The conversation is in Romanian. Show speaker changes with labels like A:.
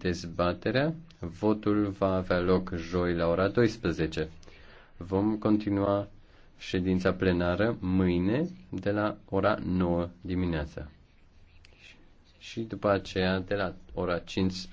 A: dezbaterea. Votul va avea loc joi la ora 12. Vom continua ședința plenară mâine de la ora 9 dimineața și după aceea de la ora 15.